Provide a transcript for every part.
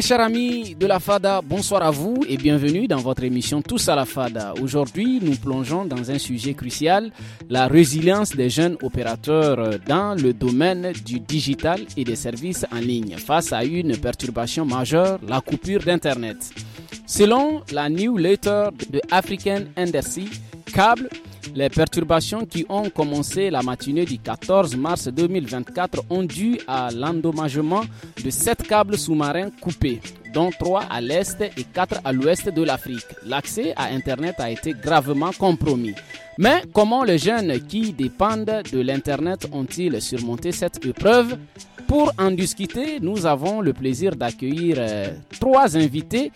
chers amis de la FADA, bonsoir à vous et bienvenue dans votre émission Tous à la FADA. Aujourd'hui, nous plongeons dans un sujet crucial, la résilience des jeunes opérateurs dans le domaine du digital et des services en ligne face à une perturbation majeure, la coupure d'Internet. Selon la newsletter de African Industry, Cable les perturbations qui ont commencé la matinée du 14 mars 2024 ont dû à l'endommagement de sept câbles sous-marins coupés, dont trois à l'est et quatre à l'ouest de l'Afrique. L'accès à Internet a été gravement compromis. Mais comment les jeunes qui dépendent de l'Internet ont-ils surmonté cette épreuve Pour en discuter, nous avons le plaisir d'accueillir euh, trois invités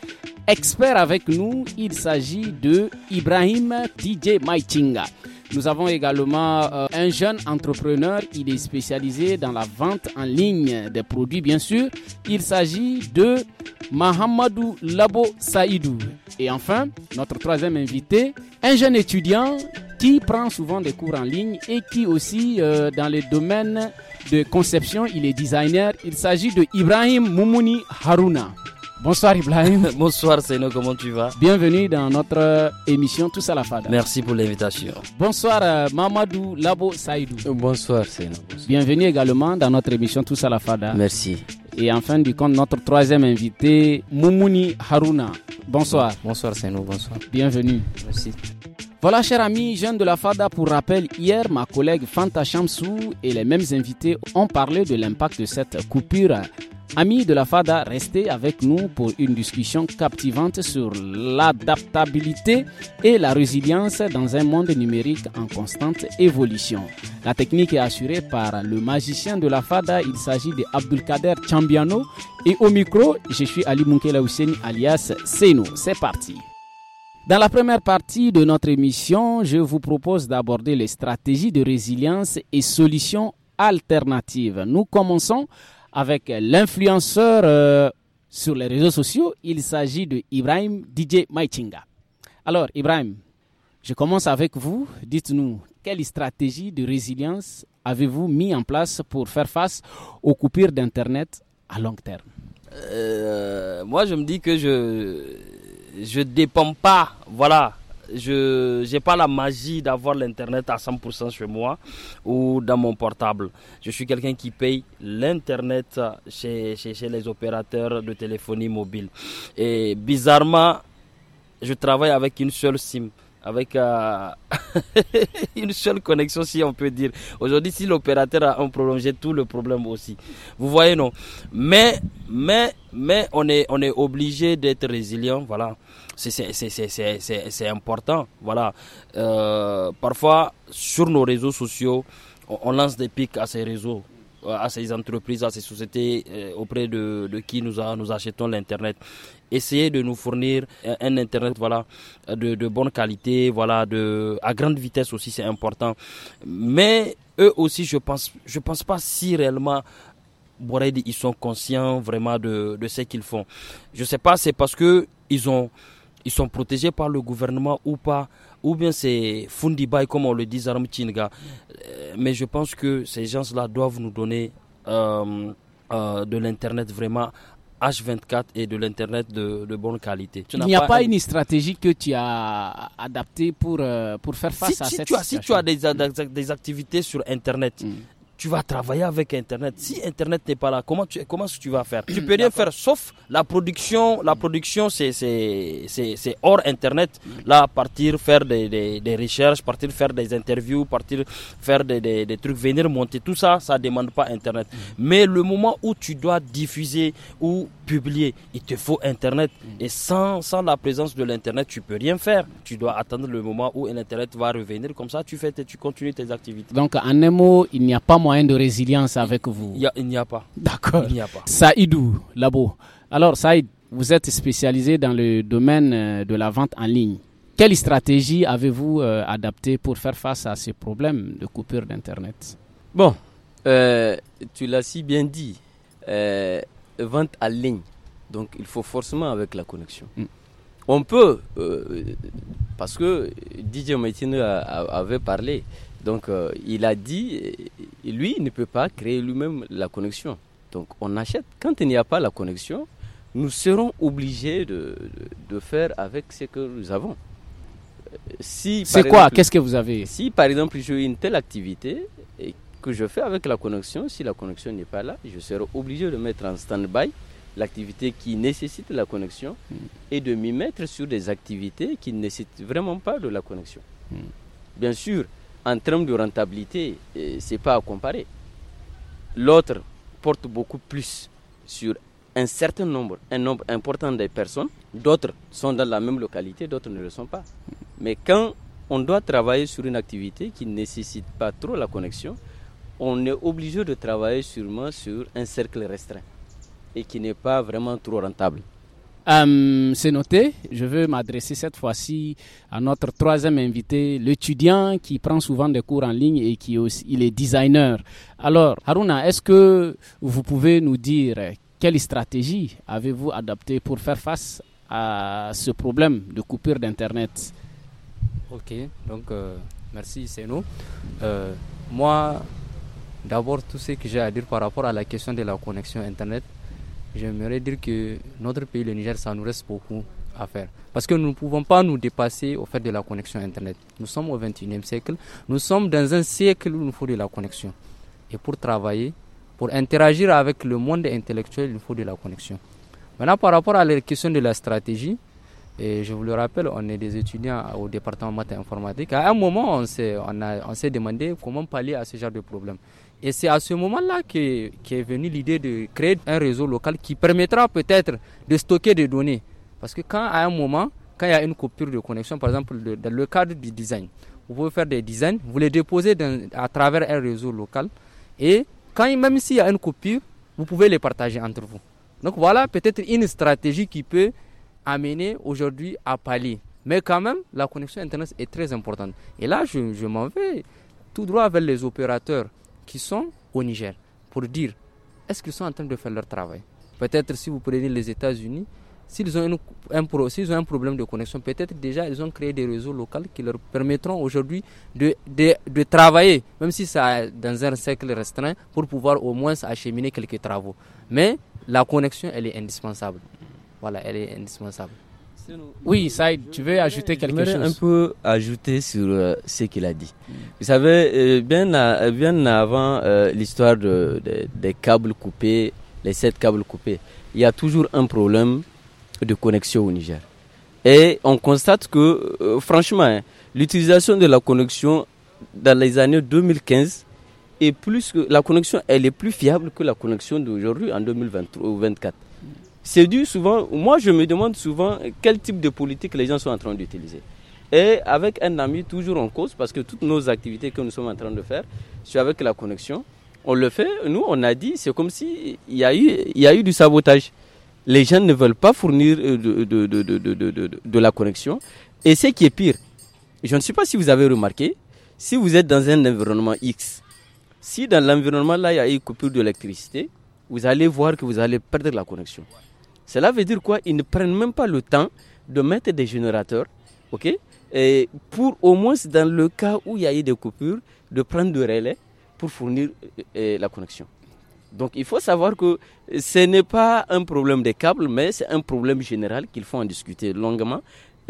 expert avec nous. Il s'agit de Ibrahim DJ Maitinga. Nous avons également euh, un jeune entrepreneur. Il est spécialisé dans la vente en ligne des produits, bien sûr. Il s'agit de Mahamadou Labo Saïdou. Et enfin, notre troisième invité, un jeune étudiant qui prend souvent des cours en ligne et qui aussi, euh, dans le domaine de conception, il est designer. Il s'agit de Ibrahim Moumouni Haruna. Bonsoir Ibrahim. Bonsoir Seno, comment tu vas Bienvenue dans notre émission Tous à la Fada. Merci pour l'invitation. Bonsoir euh, Mamadou Labo Saïdou. Bonsoir Seno. Bienvenue également dans notre émission Tous à la Fada. Merci. Et en fin du compte, notre troisième invité, Moumouni Haruna. Bonsoir. Bonsoir Seno, bonsoir. Bienvenue. Merci. Voilà, chers amis, jeunes de la FADA, pour rappel, hier, ma collègue Fanta Chamsou et les mêmes invités ont parlé de l'impact de cette coupure Amis de la FADA, restez avec nous pour une discussion captivante sur l'adaptabilité et la résilience dans un monde numérique en constante évolution. La technique est assurée par le magicien de la FADA, il s'agit de Abdulkader Chambiano et au micro, je suis Ali Moukela alias Seno. C'est parti. Dans la première partie de notre émission, je vous propose d'aborder les stratégies de résilience et solutions alternatives. Nous commençons avec l'influenceur euh, sur les réseaux sociaux. Il s'agit de Ibrahim DJ Maichinga. Alors, Ibrahim, je commence avec vous. Dites-nous, quelle stratégie de résilience avez-vous mis en place pour faire face aux coupures d'Internet à long terme euh, Moi, je me dis que je ne dépends pas, voilà, je n'ai pas la magie d'avoir l'Internet à 100% chez moi ou dans mon portable. Je suis quelqu'un qui paye l'Internet chez, chez, les opérateurs de téléphonie mobile. Et bizarrement, je travaille avec une seule SIM avec euh, une seule connexion, si on peut dire. Aujourd'hui, si l'opérateur a un prolongé, tout le problème aussi. Vous voyez, non Mais, mais, mais, on est, on est obligé d'être résilient, voilà. C'est important, voilà. Euh, parfois, sur nos réseaux sociaux, on, lance des pics à ces réseaux euh, à ces entreprises, à ces sociétés auprès de, qui nous, a, nous achetons l'Internet essayer de nous fournir euh, un internet voilà de, de bonne qualité voilà de à grande vitesse aussi c'est important mais eux aussi je pense je pense pas si réellement ils sont conscients vraiment de, de ce qu'ils font. Je sais pas, c'est parce que ils ont ils sont protégés par le gouvernement ou pas, ou bien c'est Fundibai comme on le dit Zaram euh, Mais je pense que ces gens-là doivent nous donner euh, de l'internet vraiment H24 et de l'Internet de, de, bonne qualité. Tu Il n'y a pas, une stratégie que tu as adaptée pour, euh, pour faire face à cette situation. Si tu as des, activités sur Internet, mm tu vas travailler avec Internet. Si Internet n'est pas là, comment tu, comment tu vas faire Tu hmm, peux rien faire, sauf la production. La production, c'est hors Internet. Hmm. Là, partir faire des, recherches, partir faire des interviews, partir faire des, trucs, venir monter, tout ça, ça demande pas Internet. Hmm. Mais le moment où tu dois diffuser ou publier, il te faut Internet. Et sans, sans la présence de l'Internet, tu peux rien faire. Tu dois attendre le moment où l'Internet va revenir. Comme ça, tu fais, tu continues tes activités. Donc, en un mot, il n'y a pas moyen de résilience avec vous Il n'y a, pas. D'accord. Il n'y a pas. Saïdou Labo. Alors, Saïd, vous êtes spécialisé dans le domaine euh, de la vente en ligne. Quelle stratégie avez-vous euh, adapté pour faire face à ces problèmes de coupure d'Internet Bon, euh, tu l'as si bien dit. vente en ligne. Donc, il faut forcément avec la connexion. Mm. On peut, parce que DJ Maitine avait parlé, donc euh, il a dit, lui, il ne peut pas créer lui-même la connexion. Donc on achète. Quand il n'y a pas la connexion, nous serons obligés de, faire avec ce que nous avons. Euh, si, C'est quoi Qu'est-ce que vous avez Si par exemple j'ai une telle activité et que je fais avec la connexion, si la connexion n'est pas là, je serai obligé de mettre en stand-by l'activité qui nécessite la connexion et de m'y mettre sur des activités qui ne nécessitent vraiment pas de la connexion. Hmm. Bien sûr, en termes de rentabilité, euh, ce n'est pas à comparer. L'autre porte beaucoup plus sur un certain nombre, un nombre important de personnes. D'autres sont dans la même localité, d'autres ne le sont pas. Mais quand on doit travailler sur une activité qui ne nécessite pas trop la connexion, on est obligé de travailler sûrement sur un cercle restreint et qui n'est pas vraiment trop rentable. Euh, c'est noté. Je veux m'adresser cette fois-ci à notre troisième invité, l'étudiant qui prend souvent des cours en ligne et qui aussi, est designer. Alors, Haruna, est-ce que vous pouvez nous dire euh, quelle stratégie avez-vous adaptée pour faire face à ce problème de coupure d'Internet Ok, donc euh, merci, c'est nous. moi, d'abord, tout ce que j'ai à dire par rapport à la question de la connexion Internet, j'aimerais dire que notre pays, le Niger, ça nous reste beaucoup à faire. Parce que nous ne pouvons pas nous dépasser au fait de la connexion Internet. Nous sommes au 21e siècle. Nous sommes dans un siècle où il nous faut de la connexion. Et pour travailler, pour interagir avec le monde intellectuel, il nous faut de la connexion. Maintenant, par rapport à la question de la stratégie, et je vous le rappelle, on est des étudiants au département maths informatique. À un moment, on s'est, on, demandé comment pallier à ce genre de problème. Et c'est à ce moment-là qu'est est venue l'idée de créer un réseau local qui permettra peut-être de stocker des données. Parce que quand à un moment, quand il y a une coupure de connexion, par exemple dans le cadre du design, vous pouvez faire des designs, vous les déposez à travers un réseau local. Et quand même s'il y a une coupure, vous pouvez les partager entre vous. Donc voilà peut-être une stratégie qui peut amener aujourd'hui à pallier. Mais quand même, la connexion Internet est très importante. Et là, je, je m'en vais tout droit vers les opérateurs qui sont au Niger pour dire est-ce qu'ils sont en train de faire leur travail. Peut-être si vous prenez les États-Unis, s'ils ont, un, ont un problème de connexion, peut-être déjà ils ont créé des réseaux locaux qui leur permettront aujourd'hui de, de, de, travailler, même si ça dans un cercle restreint, pour pouvoir au moins acheminer quelques travaux. Mais la connexion, elle est indispensable. Voilà, elle est indispensable. Oui, Saïd, tu veux ajouter quelque chose Je un peu ajouter sur euh, ce qu'il a dit. Vous savez, euh, bien, avant euh, l'histoire des câbles coupés, les sept câbles coupés, il y a toujours un problème de connexion au Niger. Et on constate que, franchement, hein, l'utilisation de la connexion dans les années 2015 est plus que la connexion, elle est plus fiable que la connexion d'aujourd'hui en 2023 ou 2024 c'est dû souvent, moi je me demande souvent quel type de politique les gens sont en train d'utiliser. Et avec un ami toujours en cause, parce que toutes nos activités que nous sommes en train de faire, c'est avec la connexion, on le fait, nous on a dit, c'est comme s'il y, a eu, y a eu du sabotage. Les gens ne veulent pas fournir euh, de, de la connexion. Et ce qui est pire, je ne sais pas si vous avez remarqué, si vous êtes dans un environnement X, si dans l'environnement là il y a eu coupure d'électricité, vous allez voir que vous allez perdre la connexion. Cela veut dire quoi Ils ne prennent même pas le temps de mettre des générateurs, ok et pour au moins dans le cas où il y a eu des coupures, de prendre des relais pour fournir euh, euh, la connexion. Donc il faut savoir que ce n'est pas un problème des câbles, mais c'est un problème général qu'il faut en discuter longuement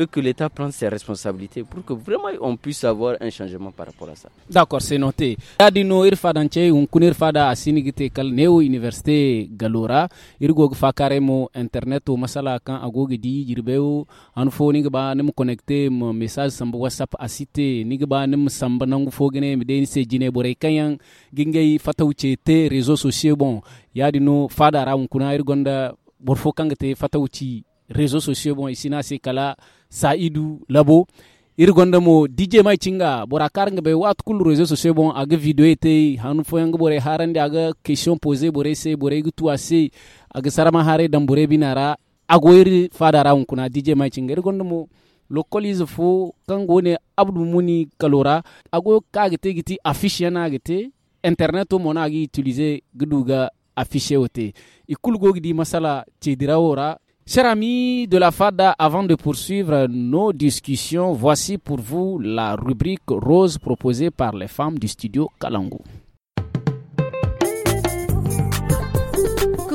et que l'État prenne ses responsabilités pour que vraiment on puisse avoir un changement par rapport à ça. D'accord, c'est noté. Adino irfadanche kunir fada asinigite kal neo université galora irgo fakaremo internet o masala kan agogi di jirbeu anfo nigba nem connecté mo message sambo whatsapp cité nigba nem samba nangu fogene meden se jine borey kayan gingay fatawche Té, réseaux sociaux bon yadino fada ra unkuna irgonda borfo kangate fatawchi réseaux sociaux bon ici na se kala sa'idu labo irgonde mo dj mai cinga bora karnga be wat kul réseau sociaux bon aga hanu bore harande aga question posé bore se bore aga sarama dam bore binara kuna dj mai cinga mo fo kango ne muni kalora ago kagete giti affiche yana agete internet o mona agi utiliser ikul masala cedira Chers amis de la FADA, avant de poursuivre nos discussions, voici pour vous la rubrique rose proposée par les femmes du studio Kalango.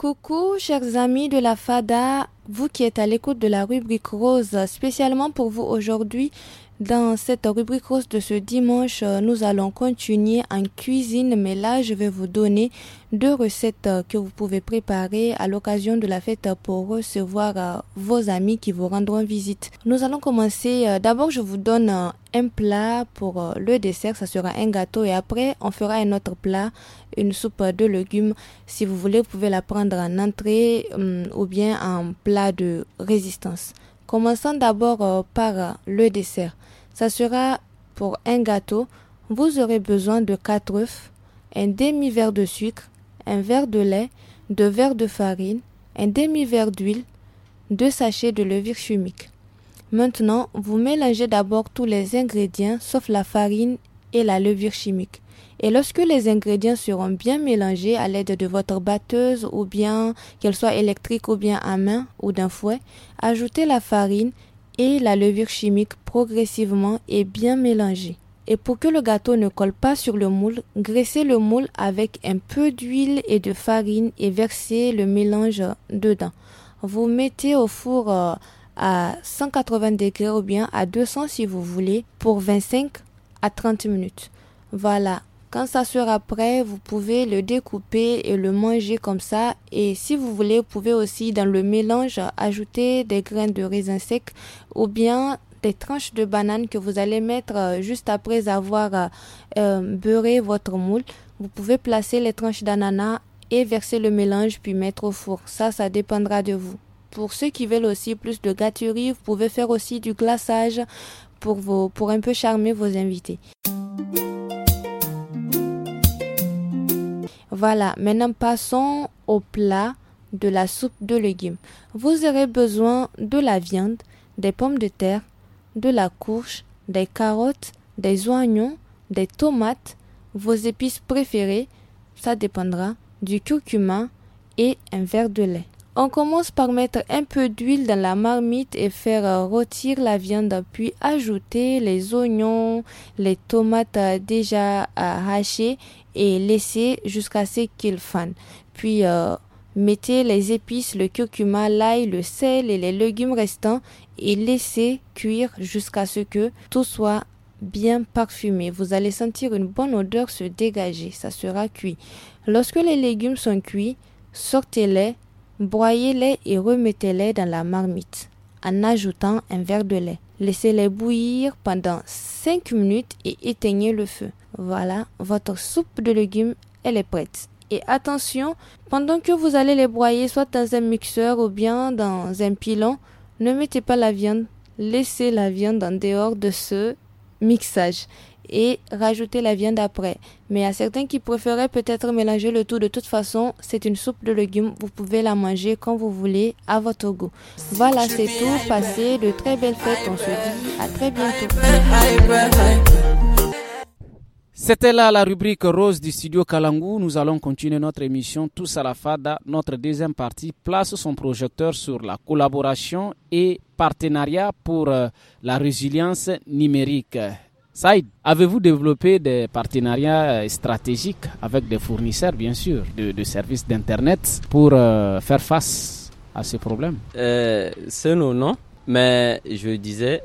coucou, chers amis de la FADA vous qui êtes à l'écoute de la rubrique rose spécialement pour vous aujourd'hui. Dans cette rubrique rose de ce dimanche, euh, nous allons continuer en cuisine, mais là, je vais vous donner deux recettes euh, que vous pouvez préparer à l'occasion de la fête pour recevoir euh, vos amis qui vous rendront visite. Nous allons commencer. D'abord, je vous donne un plat pour le dessert, ça sera un gâteau et après, on fera un autre plat, une soupe de légumes. Si vous voulez, vous pouvez la prendre en entrée hum, ou bien en plat de résistance. Commençons d'abord euh, par euh, le dessert. Ça sera pour un gâteau, vous aurez besoin de 4 œufs, un demi-verre de sucre, un verre de lait, deux verres de farine, un demi-verre d'huile, deux sachets de levure chimique. Maintenant, vous mélangez d'abord tous les ingrédients sauf la farine et la levure chimique. Et lorsque les ingrédients seront bien mélangés à l'aide de votre batteuse ou bien qu'elle soit électrique ou bien à main ou d'un fouet, ajoutez la farine et la levure chimique progressivement et bien mélanger. Et pour que le gâteau ne colle pas sur le moule, graissez le moule avec un peu d'huile et de farine et versez le mélange dedans. Vous mettez au four euh, à 180 degrés ou bien à 200 si vous voulez pour 25 à 30 minutes. Voilà, quand ça sera prêt, vous pouvez le découper et le manger comme ça. Et si vous voulez, vous pouvez aussi dans le mélange ajouter des graines de raisin sec ou bien des tranches de banane que vous allez mettre euh, juste après avoir euh, euh, beurré votre moule. Vous pouvez placer les tranches d'ananas et verser le mélange puis mettre au four. Ça, ça dépendra de vous. Pour ceux qui veulent aussi plus de gâterie, vous pouvez faire aussi du glaçage pour, pour un peu charmer vos invités. Voilà, maintenant passons au plat de la soupe de légumes. Vous aurez besoin de la viande, des pommes de terre, de la courge, des carottes, des oignons, des tomates, vos épices préférées, ça dépendra, du curcuma et un verre de lait. On commence par mettre un peu d'huile dans la marmite et faire rôtir la viande, puis ajouter les oignons, les tomates déjà hachées et laisser jusqu'à ce qu'ils fanent. Puis euh, mettez les épices, le curcuma, l'ail, le sel et les légumes restants et laissez cuire jusqu'à ce que tout soit bien parfumé. Vous allez sentir une bonne odeur se dégager. Ça sera cuit. Lorsque les légumes sont cuits, sortez-les Broyez-les et remettez-les dans la marmite en ajoutant un verre de lait. Laissez-les bouillir pendant 5 minutes et éteignez le feu. Voilà, votre soupe de légumes, elle est prête. Et attention, pendant que vous allez les broyer soit dans un mixeur ou bien dans un pilon, ne mettez pas la viande. Laissez la viande en dehors de ce mixage et rajouter la viande après. Mais à certains qui préféraient peut-être mélanger le tout de toute façon, c'est une soupe de légumes, vous pouvez la manger quand vous voulez, à votre goût. Voilà, c'est tout, passez de très belles fêtes, on se dit à très bientôt. C'était là la rubrique rose du studio Kalangu. Nous allons continuer notre émission Tous à la Fada. Notre deuxième partie place son projecteur sur la collaboration et partenariat pour euh, la résilience numérique. Saïd, avez-vous développé des partenariats euh, stratégiques avec des fournisseurs, bien sûr, de, services d'Internet pour euh, faire face à ces problèmes? Euh, c'est non, non. Mais je disais,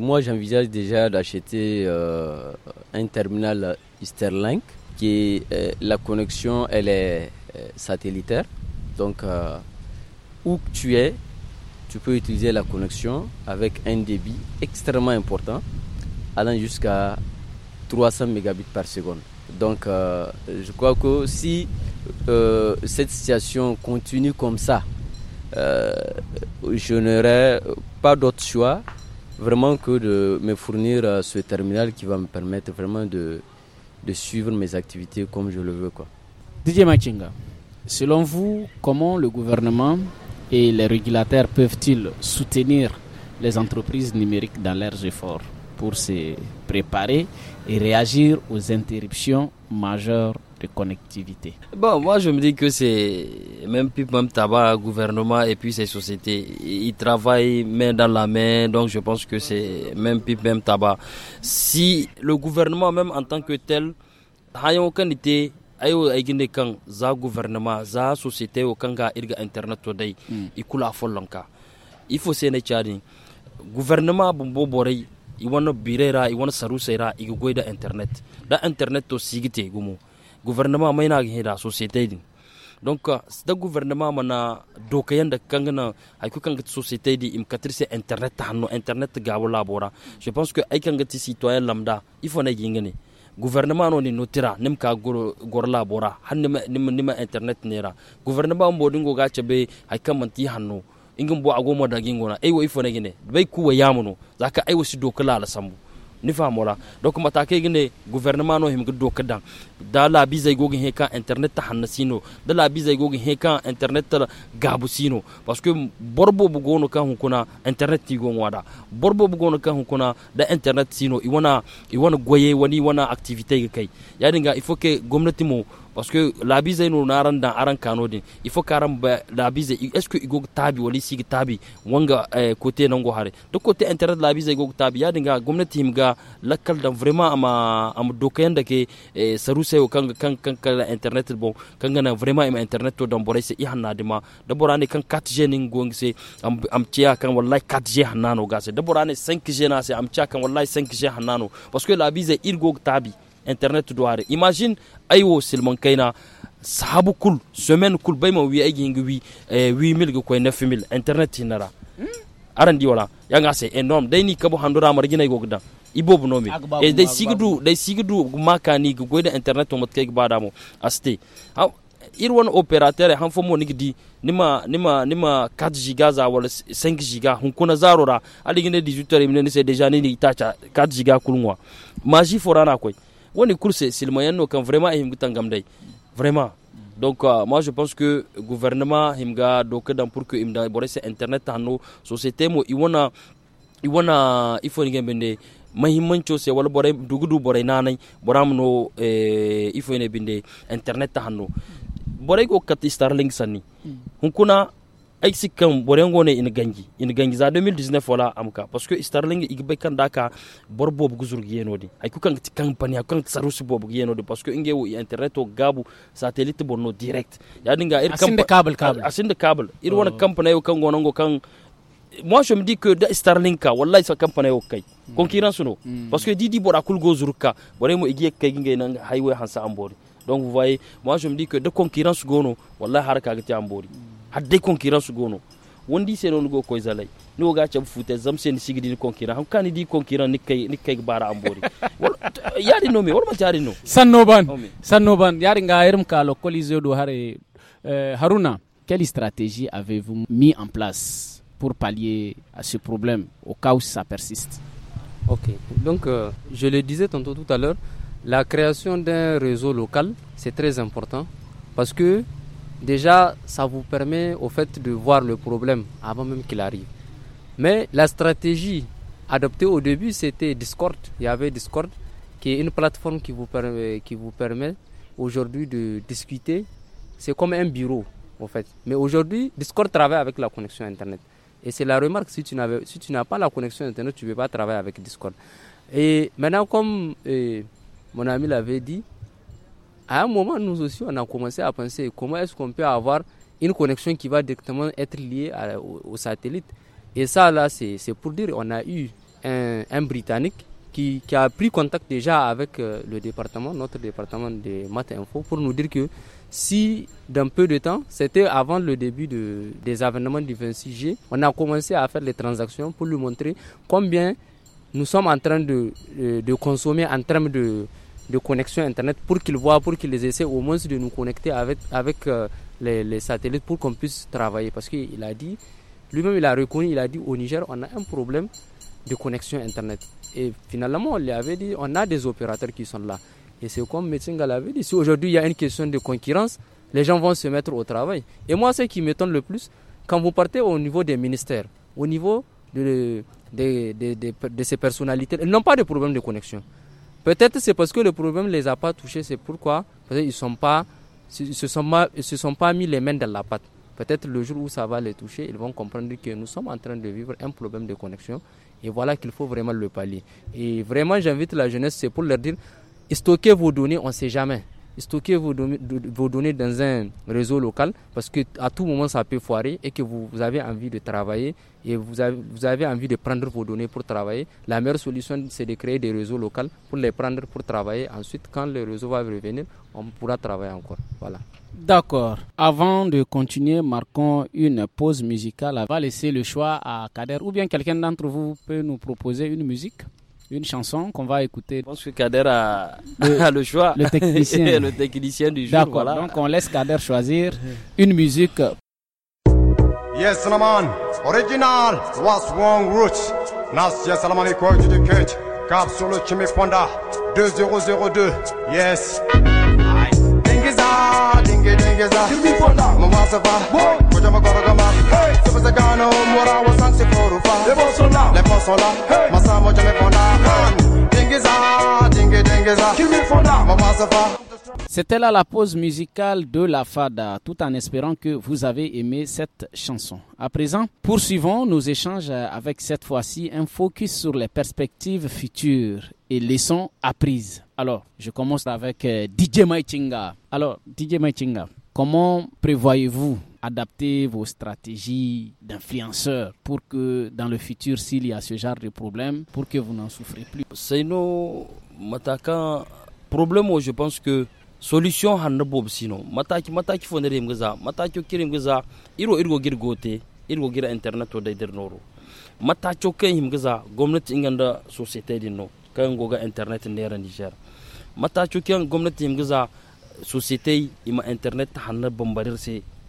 moi j'envisage déjà d'acheter un terminal Easterlink qui la connexion elle est satellitaire. Donc où que tu es, tu peux utiliser la connexion avec un débit extrêmement important allant jusqu'à 300 mégabits par seconde. Donc euh, je crois que si euh, cette situation continue comme ça, euh, je n'aurai pas d'autre choix vraiment que de me fournir ce terminal qui va me permettre vraiment de, suivre mes activités comme je le veux. Quoi. Didier Machinga, selon vous, comment le gouvernement et les régulateurs peuvent-ils soutenir les entreprises numériques dans leurs efforts pour se préparer et réagir aux interruptions majeures de connectivité. Bon, moi je me dis que c'est même plus même tabac, gouvernement et puis ces sociétés, ils travaillent main dans la main, donc je pense que c'est même plus même tabac. Si le gouvernement même en tant que tel, a aucun été ayo kan za gouvernement za société o kanga irga internet to ikula folonka il faut sene gouvernement bumbo borei iwano birera iwano sarusera igu da internet da internet to sigite gumu gouvernement mai na heda societe din donc da gouvernement mana dokayen da kangana ay ku kangat societe di im katrice internet hanno internet ga wala bora je pense que ay kangat citoyen lambda il faut na yingane gouvernement no ni notira nim ka la bora han nima nima internet nera gouvernement mbodingo ga chebe ay kamanti hanno ingin bo agomo da gingona ai wai ifo ne gine bai kuwa yamuno zaka ai wasi dokala la sambu ni famola donc matake gine gouvernement no himga doka dan da la biza gogin heka internet ta hannasino da la biza gogin heka internet ta gabusino parce que borbo bu gono kan hukuna internet ti gon wada borbo bu gono kan hukuna da internet sino i wana i wana goye wani wana activite kai ya dinga il faut que gwamnati mu parce que la bise no naran dan aran kano din il faut karam ba la bise est ce que igo tabi wali sig tabi wanga eh, côté nan go hare de côté internet la bise igo tabi ya dinga gwamnati himga lakal dan vraiment ama am dokayen da ke eh, saru sai kan kan kan kala internet bon kan gana vraiment ima internet to dan borai sai ihanna ma de borane kan 4G ning gong se. am am tia kan wallahi 4G hanano gase de borane 5G na se am tia kan wallahi 5G hanano parce que la bise irgo tabi internet do are imagine aywo silman kaina sahabu kul semaine kul bayma wi ay gingi wi eh, wi koy 9000 internet hinara hmm? arandi wala yanga c'est énorme ni kabo handora margina gogda ibobu nomi e eh, dai sigdu dai sigdu makani goida internet mo matkay badamo asti won operateur han fo mo nigdi nima nima nima 4 giga za wala 5 giga hun kuna zarora gina 18 heures ni c'est déjà ni tacha 4 giga kulnwa maji forana koy woni course le moyen no kan vraiment e himgutan gamday vraiment donc euh, moi je pense que gouvernement himga doke dan pour que imda c'est internet hanno société mo iwana iwana ifo ni gambende mahimmanco se wala boray dugudu boray nanay boramno e euh, ifo ne binde internet hanno boré go kat sani sanni hmm. hunkuna aksi kan boren ne in gangi in gangi za 2019 wala amka parce que starling igbe kan daka bor bob guzur yenodi ay ku kan ti company ku kan sarus bob de parce que inge wo internet gabu satellite no direct ya dinga ir kan asinde kabel kabel asinde kabel ir wona company oh. o kan gonongo kan moi je me dis que da starlink ka wallahi sa company o kai hmm. concurrence no hmm. parce que didi bora kul gozur ka bore mo igiye kai ginga nan highway hansa ambori donc vous voyez moi je me dis que de concurrence gono wallahi har ka ga ti ambori hmm. hadde concurrence gono wondi se don go koizalai ni woga cab fute zamse ni sigidi ni concurrent han kani di concurrent ni kay ni kay bara ambori yari no me wol ma jari no sanno ban sanno ban yari nga erum kalo coliseo do hare euh, haruna quelle stratégie avez-vous mis en place pour pallier à ce problème au cas où ça persiste Ok, donc euh, je le disais tantôt tout à l'heure, la création d'un réseau local, c'est très important parce que déjà, ça vous permet au fait de voir le problème avant même qu'il arrive. Mais la stratégie adoptée au début, c'était Discord. Il y avait Discord, qui est une plateforme qui vous permet, qui vous permet aujourd'hui de discuter. C'est comme un bureau, en fait. Mais aujourd'hui, Discord travaille avec la connexion Internet. Et c'est la remarque, si tu n'as pas la connexion Internet, tu ne peux pas travailler avec Discord. Et maintenant, comme eh, mon ami l'avait dit, à un moment, nous aussi, on a commencé à penser comment est-ce qu'on peut avoir une connexion qui va directement être liée au, satellite. Et ça, là, c'est pour dire on a eu un, Britannique qui, a pris contact déjà avec euh, le département, notre département de maths Info, pour nous dire que si dans peu de temps, c'était avant le début des avènements du 26G, on a commencé à faire les transactions pour lui montrer combien nous sommes en train de, euh, consommer en termes de, de connexion Internet pour qu'ils voient, pour qu'ils essaient au moins de nous connecter avec, avec euh, les, satellites pour qu'on puisse travailler. Parce qu'il a dit, lui-même il a reconnu, il a dit au Niger, on a un problème de connexion Internet. Et finalement, on lui avait dit, on a des opérateurs qui sont là. Et c'est comme Metsinga l'avait dit, si aujourd'hui il y a une question de concurrence, les gens vont se mettre au travail. Et moi, ce qui m'étonne le plus, quand vous partez au niveau des ministères, au niveau de, de, de, de ces personnalités, ils n'ont pas de problème de connexion. Peut-être c'est parce que le problème ne les a pas touchés, c'est pourquoi ils ne sont pas, se, sont pas, sont pas mis les mains dans la pâte. Peut-être le jour où ça va les toucher, ils vont comprendre que nous sommes en train de vivre un problème de connexion et voilà qu'il faut vraiment le pallier. Et vraiment, j'invite la jeunesse, c'est pour leur dire, stockez vos données, on ne sait jamais. Stocker vos données, dans un réseau local parce que à tout moment ça peut foirer et que vous, avez envie de travailler et vous avez, vous avez, envie de prendre vos données pour travailler. La meilleure solution c'est de créer des réseaux locaux pour les prendre pour travailler. Ensuite, quand le réseau va revenir, on pourra travailler encore. Voilà. D'accord. Avant de continuer, marquons une pause musicale. On va laisser le choix à Kader ou bien quelqu'un d'entre vous peut nous proposer une musique une chanson qu'on va écouter. Je pense que Kader a le, a le choix. Le technicien. le technicien du jour. D'accord. Voilà. Donc on laisse Kader choisir une musique. Yes, Salaman. Original. Was wrong roots. Nas, yes, Salaman, école du Ducate. Cap sur le Chimé Panda. 2002. Yes. Dingiza, dingi, dingiza. Chimé Panda. Maman, ça va. Moi, je c'était là la pause musicale de la Fada, tout en espérant que vous avez aimé cette chanson. À présent, poursuivons nos échanges avec cette fois-ci un focus sur les perspectives futures et les leçons apprises. Alors, je commence avec euh, DJ Maïtinga. Alors, DJ Maïtinga, comment prévoyez-vous adapter vos stratégies d'influenceurs pour que dans le futur, s'il y a ce genre de problème, pour que vous n'en souffrez plus C'est nos problème problème, je pense que solution bob sino mataki mataki mataki iro gira internet odai matacho ken himgaza inganda societe dinno kan goga internet nera niger ima internet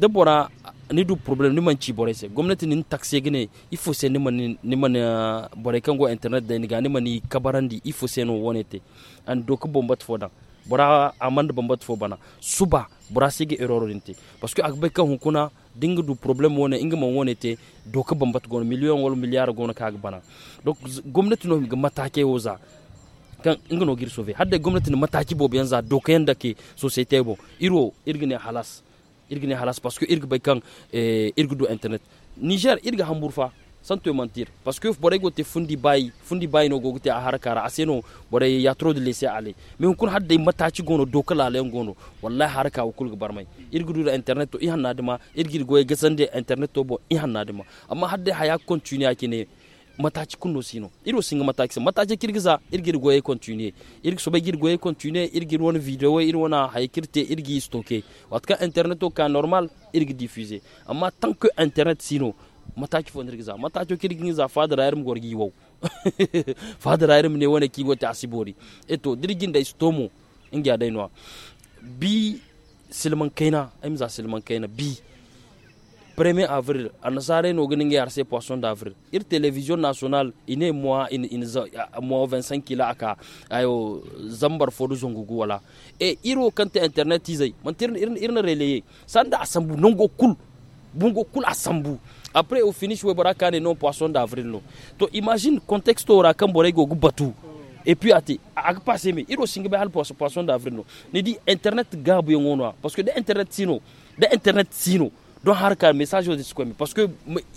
de bɔra ni du problème ni man ci bɔra se gomnati nin taxe gine il faut se ni man ni man euh, bɔra kan go internet da ni ga ni man kabarandi il faut se no wonete an do ko bombat da bora amande bombat fo bana suba bora sigi erreur rinte parce que akbe kan hukuna dinga du problème woné inga man wona do ka bombat gon million wala milliard gon ka bana donc gomnati no ga matake oza kan inga no gir sauver hadde gomnati ni mataki bobe yanza do ka yanda ke societe bo iro irgine halas irgne halas parce que irg baykan eh, do internet niger irg hambour fa sans te mentir parce que boray gote fundi bay fundi bay no gogote a harkara aseno boray ya trop de laisser aller mais on kun hadde mataci gono do kala le gono wallahi haraka o kul barmay irg do internet to i hanadima irg go e gesande internet to bo i hanadima amma hadde haya continue akine mataci Kuno sino iro singa mataci Mataje kirgiza irgir goye continue irgi sobe gir goye continue irgi video ir wona haykirte irgi stoke watka internet o normal irgi diffuser que internet sino Matachi fo irgiza kirgiza gorgi ne eto bi 1er avril ana sare no gnin yar se poisson d'avril ir télévision nationale ine moi in in moi 25 kila aka ayo zambar fodu zongugu wala e iro kante internet izai man tirn irn irn relayer sanda asambu nongo kul bungo kul asambu après au finish we bara kane non poisson d'avril no to imagine contexte ora kan bore go batu et puis ati ak passé mais iro ba hal poisson d'avril no ni di internet gabu ngono parce que de internet sino de internet sino don harka message da suka mi parce que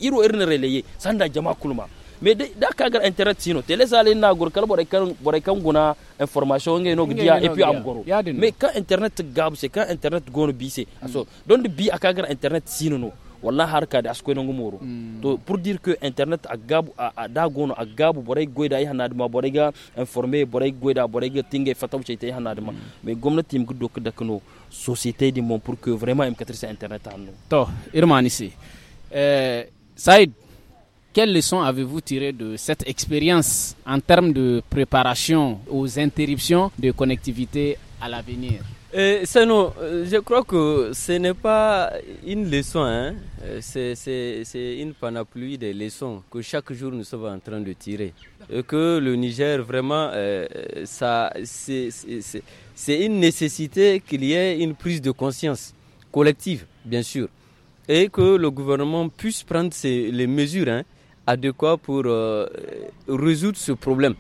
iro irin relaye sanda jama'a kulma me da ka gar internet sino tele sale na gor kal bore kan bore kan guna information ngai no dia et puis am goro me ka internet gabu se ka internet gono bise aso don bi aka gar internet sino no wala harka da asko no moro mm. to pour dire que internet a gabu a da a gabu boray goida ya hanad ma boray ga informer borai goida borai ga tinge fataw ce ya hanad ma mais mm. gwamnati im gudo ka dakno société di mon pour que vraiment im katrisa internet to irmani si euh Saïd quelles leçons avez-vous tirées de cette expérience en termes de préparation aux interruptions de connectivité à l'avenir euh, euh, je crois que ce n'est pas une leçon, hein. euh, c'est une panoplie des leçons que chaque jour nous sommes en train de tirer. Et que le Niger, vraiment, c'est une nécessité qu'il y ait une prise de conscience collective, bien sûr, et que le gouvernement puisse prendre les mesures hein, adéquates pour résoudre ce problème.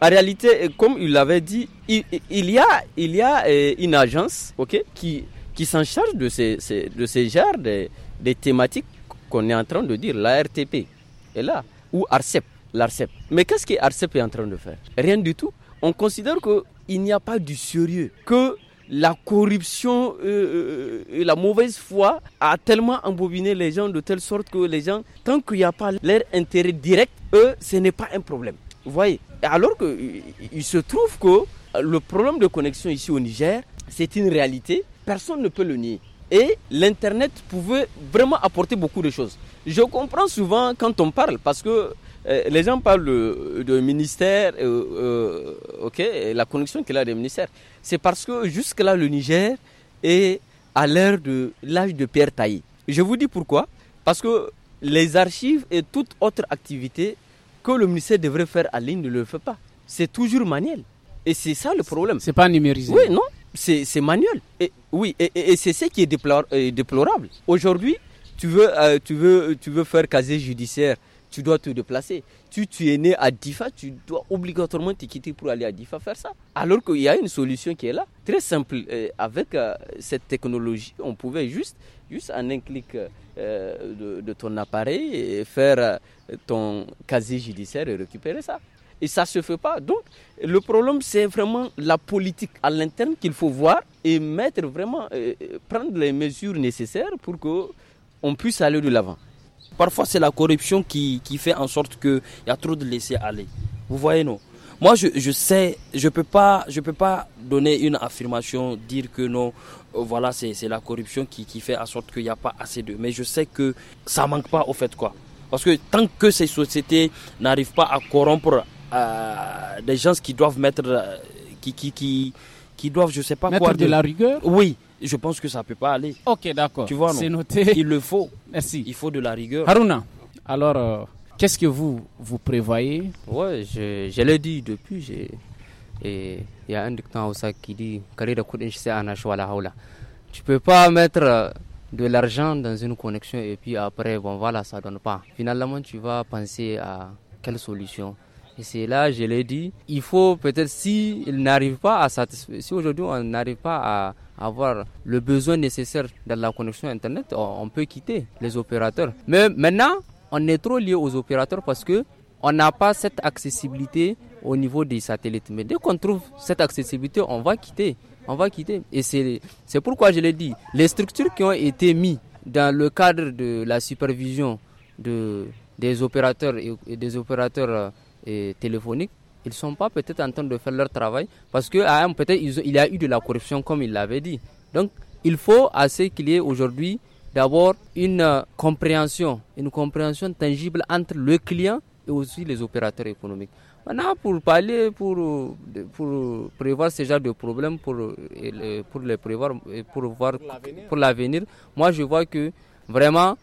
En réalité, euh, comme il l'avait dit, il, y a, il y a euh, une agence qui, s'en charge de ces, de ces de, des thématiques qu'on est en train de dire, la RTP est là, ou ARCEP, l'ARCEP. Mais qu'est-ce que ARCEP est en train de faire Rien du tout. On considère qu'il n'y a pas du sérieux, que la corruption euh, et la mauvaise foi a tellement embobiné les gens de telle sorte que les gens, tant qu'il n'y a pas leur intérêt direct, eux, ce n'est pas un problème voyez Alors qu'il se trouve que euh, le problème de connexion ici au Niger, c'est une réalité. Personne ne peut le nier. Et l'Internet pouvait vraiment apporter beaucoup de choses. Je comprends souvent quand on parle, parce que euh, les gens parlent de, ministère, euh, la connexion qu'il a des ministères. C'est parce que jusque-là, le Niger est à l'ère de l'âge de Pierre Tailly. Je vous dis pourquoi. Parce que les archives et toute autre activité que le ministère devrait faire à l'île, ne le fait pas. C'est toujours manuel. Et c'est ça le problème. C'est pas numérisé. Oui, non, c'est manuel. Et, oui, et, c'est ce qui est euh, déplorable. Aujourd'hui, tu veux, euh, tu, veux, tu veux faire casier judiciaire, tu dois te déplacer. Tu, es né à Difa, tu dois obligatoirement te quitter pour aller à Difa faire ça. Alors qu'il y a une solution qui est là, très simple. Euh, avec cette technologie, on pouvait juste juste en un clic euh, de, ton appareil, et faire euh, ton casier judiciaire et récupérer ça. Et ça ne se fait pas. Donc, le problème, c'est vraiment la politique à l'interne qu'il faut voir et mettre vraiment, euh, prendre les mesures nécessaires pour qu'on puisse aller de l'avant. Parfois, c'est la corruption qui, fait en sorte qu'il y a trop de laisser-aller. Vous voyez, non Moi, je, sais, je ne peux, je peux pas donner une affirmation, dire que non, euh, voilà, c'est la corruption qui, qui, fait en sorte qu'il n'y a pas assez de. Mais je sais que ça manque pas au fait quoi. Parce que tant que ces sociétés n'arrivent pas à corrompre euh, des gens qui doivent mettre, euh, qui, qui, qui, qui doivent, je sais pas mettre quoi. de la rigueur Oui, je pense que ça ne peut pas aller. Ok, d'accord. Tu vois, C'est noté. Il le faut. Merci. Il faut de la rigueur. Haruna, alors, qu'est-ce que vous, vous prévoyez Ouais, je, je l'ai dit depuis, j'ai et il y a un dicton qui dit tu peux pas mettre de l'argent dans une connexion et puis après bon voilà ça donne pas finalement tu vas penser à quelle solution et c'est là je l'ai dit il faut peut-être si n'arrive pas à satisfaire si aujourd'hui on n'arrive pas à avoir le besoin nécessaire dans la connexion internet on peut quitter les opérateurs mais maintenant on est trop lié aux opérateurs parce que on n'a pas cette accessibilité au niveau des satellites. Mais dès qu'on trouve cette accessibilité, on va quitter. On va quitter. Et c'est pourquoi je l'ai dit, les structures qui ont été mises dans le cadre de la supervision de, des opérateurs et, des opérateurs euh, téléphoniques, ils ne sont pas peut-être en train de faire leur travail parce que ah, peut-être il y a eu de la corruption comme il l'avait dit. Donc il faut à qu'il y ait aujourd'hui d'abord une euh, compréhension, une compréhension tangible entre le client et aussi les opérateurs économiques. Maintenant, pour parler, pour, pour prévoir ce genre de problèmes, pour, pour les prévoir, pour voir pour l'avenir, moi je vois que vraiment,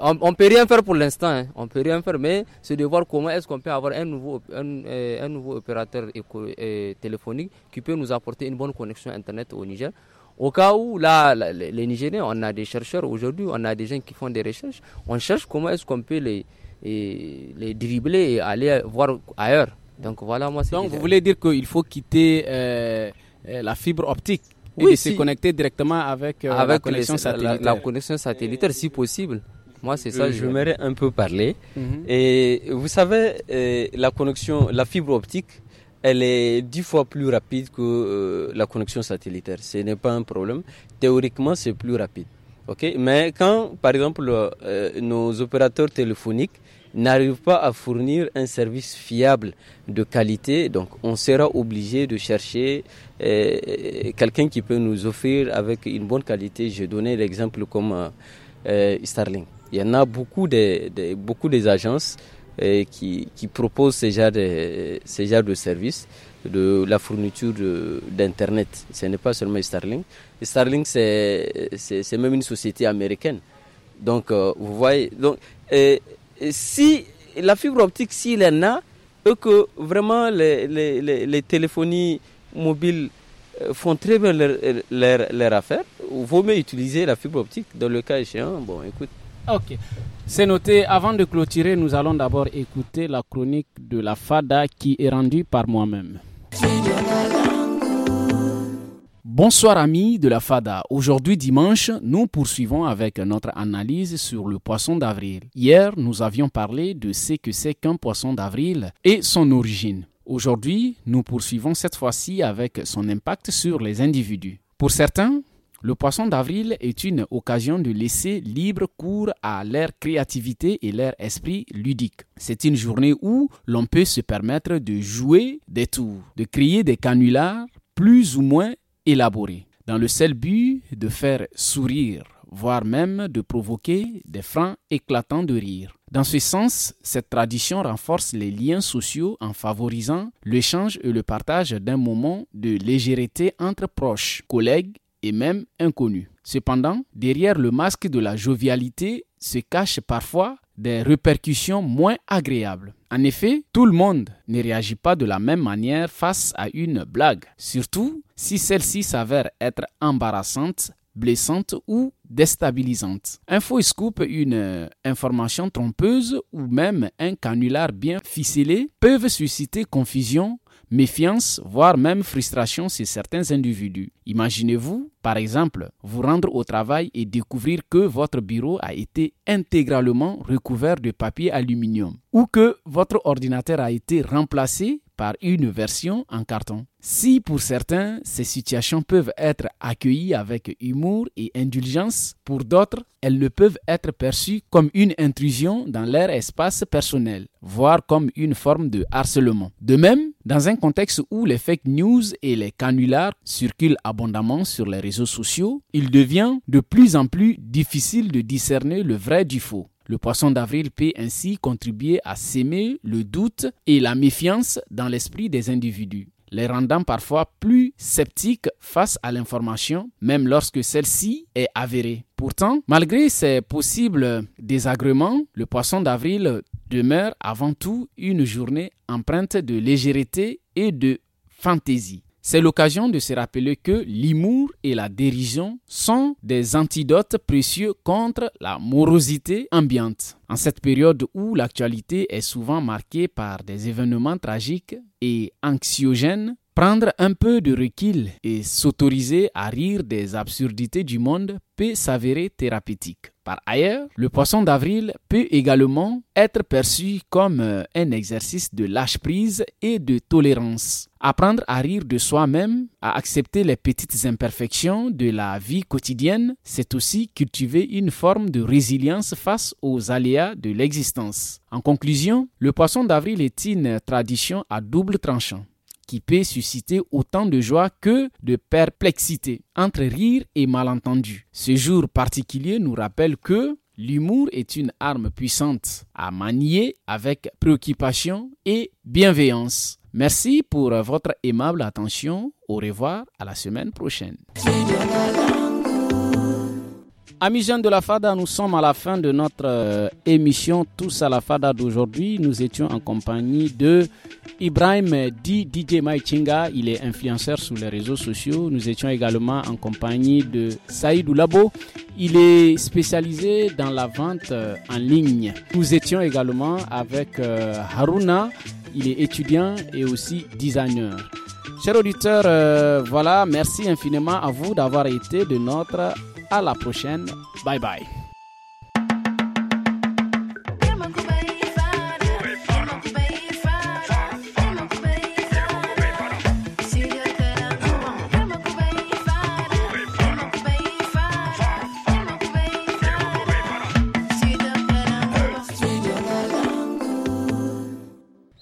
on, on peut rien faire pour l'instant, hein. on peut rien faire, mais c'est de voir comment est-ce qu'on peut avoir un nouveau, un, euh, un nouveau opérateur euh, téléphonique qui peut nous apporter une bonne connexion Internet au Niger. Au cas où, là, les Nigériens, on a des chercheurs aujourd'hui, on a des gens qui font des recherches, on cherche comment est-ce qu'on peut les et les dribbler et aller voir ailleurs. Donc voilà, moi c'est Donc vous voulez dire qu'il faut quitter euh, euh, la fibre optique et se connecter directement avec, euh, la, connexion satellite satellitaire. La, connexion satellitaire, si possible. Moi, c'est ça. que je un peu parler. Mhm. Et vous savez, la connexion, la fibre optique, elle est dix fois plus rapide que la connexion satellitaire. Ce n'est pas un problème. Théoriquement, c'est plus rapide. Ok. Mais quand, par exemple, nos opérateurs téléphoniques n'arrive pas à fournir un service fiable de qualité, donc on sera obligé de chercher euh, quelqu'un qui peut nous offrir avec une bonne qualité. Je donnais l'exemple comme euh, euh Starlink. Il y en a beaucoup de, beaucoup des agences euh, qui, proposent ces genre de, de services de la fourniture d'Internet. Ce n'est pas seulement Starlink. Starlink, c'est même une société américaine. Donc, vous voyez, donc, si la fibre optique, s'il en a, et que vraiment les, téléphonies mobiles euh, font très bien leur, affaire. leur affaire, vaut mieux utiliser la fibre optique dans le cas échéant. Bon, écoute. Ok, c'est noté. Avant de clôturer, nous allons d'abord écouter la chronique de la FADA qui est rendue par moi-même. Bonsoir amis de la FADA. Aujourd'hui dimanche, nous poursuivons avec notre analyse sur le poisson d'avril. Hier, nous avions parlé de ce que c'est qu'un poisson d'avril et son origine. Aujourd'hui, nous poursuivons cette fois-ci avec son impact sur les individus. Pour certains, le poisson d'avril est une occasion de laisser libre cours à leur créativité et leur esprit ludique. C'est une journée où l'on peut se permettre de jouer des tours, de créer des canulars plus ou moins dans le seul but de faire sourire, voire même de provoquer des francs éclatants de rire. Dans ce sens, cette tradition renforce les liens sociaux en favorisant l'échange et le partage d'un moment de légèreté entre proches, collègues et même inconnus. Cependant, derrière le masque de la jovialité se cachent parfois des répercussions moins agréables. En effet, tout le monde ne réagit pas de la même manière face à une blague, surtout si celle-ci s'avère être embarrassante, blessante ou déstabilisante. Un faux scoop, une euh, information trompeuse ou même un canular bien ficelé peuvent susciter confusion, méfiance, voire même frustration chez certains individus. Imaginez-vous, par exemple, vous rendre au travail et découvrir que votre bureau a été intégralement recouvert de papier aluminium ou que votre ordinateur a été remplacé par une version en carton. Si pour certains, ces situations peuvent être accueillies avec humour et indulgence, pour d'autres, elles ne peuvent être perçues comme une intrusion dans leur espace personnel, voire comme une forme de harcèlement. De même, dans un contexte où les fake news et les canulars circulent abondamment sur les réseaux sociaux, il devient de plus en plus difficile de discerner le vrai du faux. Le poisson d'avril peut ainsi contribuer à s'aimer le doute et la méfiance dans l'esprit des individus les rendant parfois plus sceptiques face à l'information, même lorsque celle-ci est avérée. Pourtant, malgré ces possibles désagréments, le poisson d'avril demeure avant tout une journée empreinte de légèreté et de fantaisie. C'est l'occasion de se rappeler que l'humour et la dérision sont des antidotes précieux contre la morosité ambiante. En cette période où l'actualité est souvent marquée par des événements tragiques et anxiogènes, Prendre un peu de recul et s'autoriser à rire des absurdités du monde peut s'avérer thérapeutique. Par ailleurs, le poisson d'avril peut également être perçu comme euh, un exercice de lâche-prise et de tolérance. Apprendre à rire de soi-même, à accepter les petites imperfections de la vie quotidienne, c'est aussi cultiver une forme de résilience face aux aléas de l'existence. En conclusion, le poisson d'avril est une tradition à double tranchant qui peut susciter autant de joie que de perplexité, entre rire et malentendu. Ce jour particulier nous rappelle que l'humour est une arme puissante à manier avec préoccupation et bienveillance. Merci pour votre aimable attention. Au revoir à la semaine prochaine. Amis jeunes de la FADA, nous sommes à la fin de notre euh, émission Tous à la FADA d'aujourd'hui. Nous étions en compagnie de Ibrahim Di DJ Maichinga. Il est influenceur sur les réseaux sociaux. Nous étions également en compagnie de Saïd Oulabo. Il est spécialisé dans la vente euh, en ligne. Nous étions également avec euh, Haruna. Il est étudiant et aussi designer. Chers auditeurs, voilà, merci infiniment à vous d'avoir été de notre à la prochaine. Bye bye.